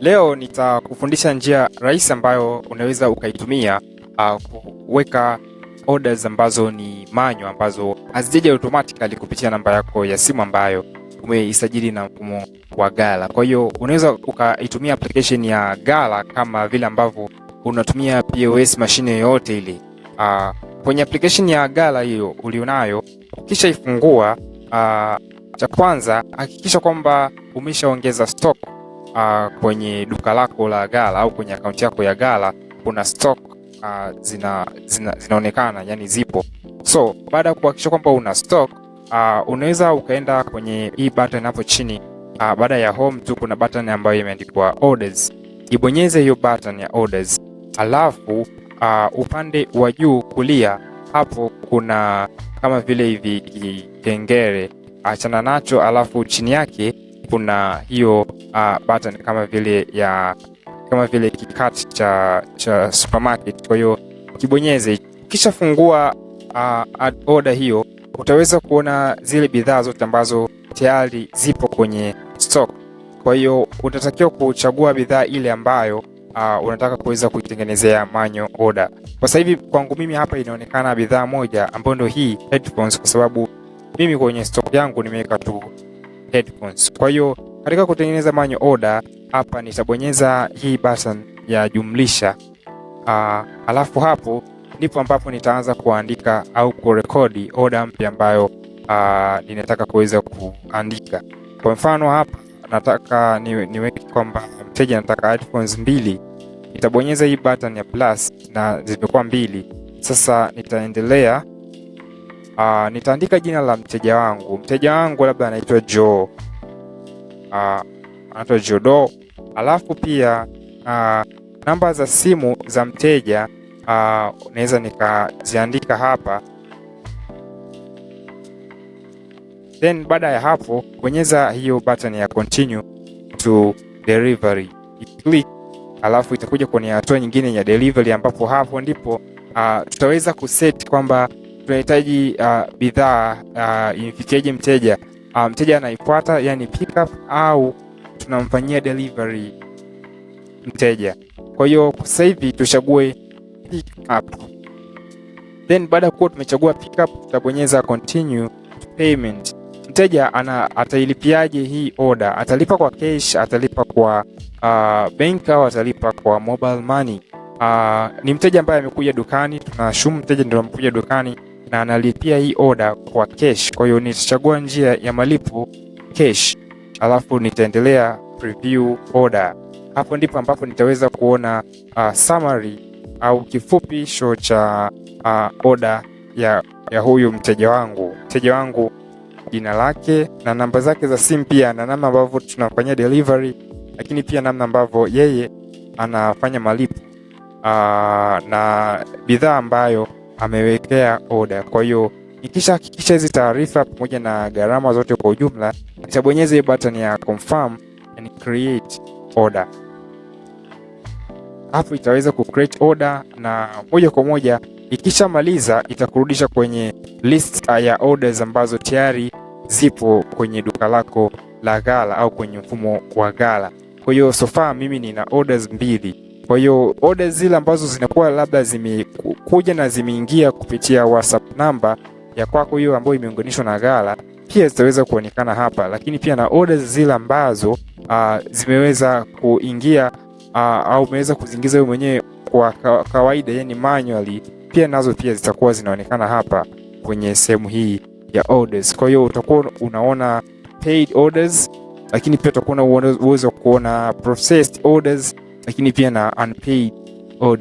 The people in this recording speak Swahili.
Leo nitakufundisha njia rahisi ambayo unaweza ukaitumia ah, kuweka orders ambazo ni manyo ambazo hazijaja automatically kupitia namba yako ya simu ambayo umeisajili na mfumo wa gala Kwa hiyo unaweza ukaitumia application ya gala kama vile ambavyo unatumia POS mashine yoyote ile. Uh, kwenye application ya gala hiyo ulionayo, kisha ifungua. Uh, cha kwanza hakikisha kwamba umeshaongeza stock uh, kwenye duka lako la gala au kwenye akaunti yako ya gala kuna stock uh, zina, zina, zinaonekana yani zipo. So baada ya kuhakikisha kwamba una stock uh, unaweza ukaenda kwenye hii button hapo chini uh, baada ya home tu kuna button ambayo imeandikwa orders. Ibonyeze hiyo button ya orders alafu uh, upande wa juu kulia hapo kuna kama vile hivi kengele achana nacho, alafu chini yake kuna hiyo uh, button kama vile ya kama vile kikat cha, cha supermarket. Kwa hiyo ukibonyeze, ukishafungua uh, ah, add order hiyo utaweza kuona zile bidhaa zote ambazo tayari zipo kwenye stock. Kwa hiyo utatakiwa kuchagua bidhaa ile ambayo uh, unataka kuweza kuitengenezea manyo order. Kwa sasa hivi kwangu mimi hapa inaonekana bidhaa moja ambayo ndio hii headphones, kwa sababu mimi kwenye stock yangu nimeweka tu headphones. Kwa hiyo katika kutengeneza manual order hapa nitabonyeza hii button ya jumlisha Uh, alafu hapo ndipo ambapo nitaanza kuandika au kurekodi order mpya ambayo uh, ninataka kuweza kuandika. Kwa mfano hapa nataka ni, niweke kwamba mteja anataka headphones mbili, nitabonyeza hii button ya plus na zimekuwa mbili. Sasa nitaendelea Uh, nitaandika jina la mteja wangu. Mteja wangu labda anaitwa Joe, ah, anaitwa Jodo, alafu pia uh, namba za simu za mteja unaweza nikaziandika hapa, then baada ya hapo bonyeza hiyo button ya continue to delivery click, alafu itakuja kwenye hatua nyingine ya delivery, ambapo hapo ndipo tutaweza kuset kwamba tunahitaji uh, bidhaa uh, ah, imfikieje mteja uh, mteja anaifuata yani pickup au tunamfanyia delivery mteja. Kwa hiyo sasa hivi tuchague pickup, then baada ya kuwa tumechagua pickup tutabonyeza continue payment. Mteja ana atailipiaje hii order? Atalipa kwa cash, atalipa kwa uh, bank au atalipa kwa mobile money? Uh, ni mteja ambaye amekuja dukani, tunashumu mteja ndio amekuja dukani na analipia hii oda kwa cash. Kwa hiyo nitachagua njia ya malipo cash, alafu nitaendelea preview order. Hapo ndipo ambapo nitaweza kuona uh, summary au kifupisho cha uh, oda ya, ya huyu mteja wangu. Mteja wangu jina lake na namba zake za simu, pia na namna ambavyo tunafanyia delivery, lakini pia namna ambavyo yeye anafanya malipo uh, na bidhaa ambayo amewekea oda. Kwa hiyo hakikisha hizi taarifa pamoja na gharama zote kwa ujumla, nitabonyeza hii button ya confirm and create order. Hapo itaweza ku create order na moja kwa moja ikishamaliza itakurudisha kwenye list ah, ya orders ambazo tayari zipo kwenye duka lako la ghala au kwenye mfumo wa ghala. Kwa hiyo so far mimi nina orders mbili. Kwa hiyo oda zile ambazo zinakuwa labda zimekuja na zimeingia kupitia WhatsApp namba ya kwako hiyo ambayo imeunganishwa na ghala pia zitaweza kuonekana hapa, lakini pia na oda zile ambazo uh, zimeweza kuingia uh, au umeweza kuzingiza wewe mwenyewe kwa kawaida, yani manually, pia nazo pia zitakuwa zinaonekana hapa kwenye sehemu hii ya orders. Kwa hiyo utakuwa unaona paid orders, lakini pia utakuwa na uwezo wa kuona processed orders lakini pia na unpaid orders.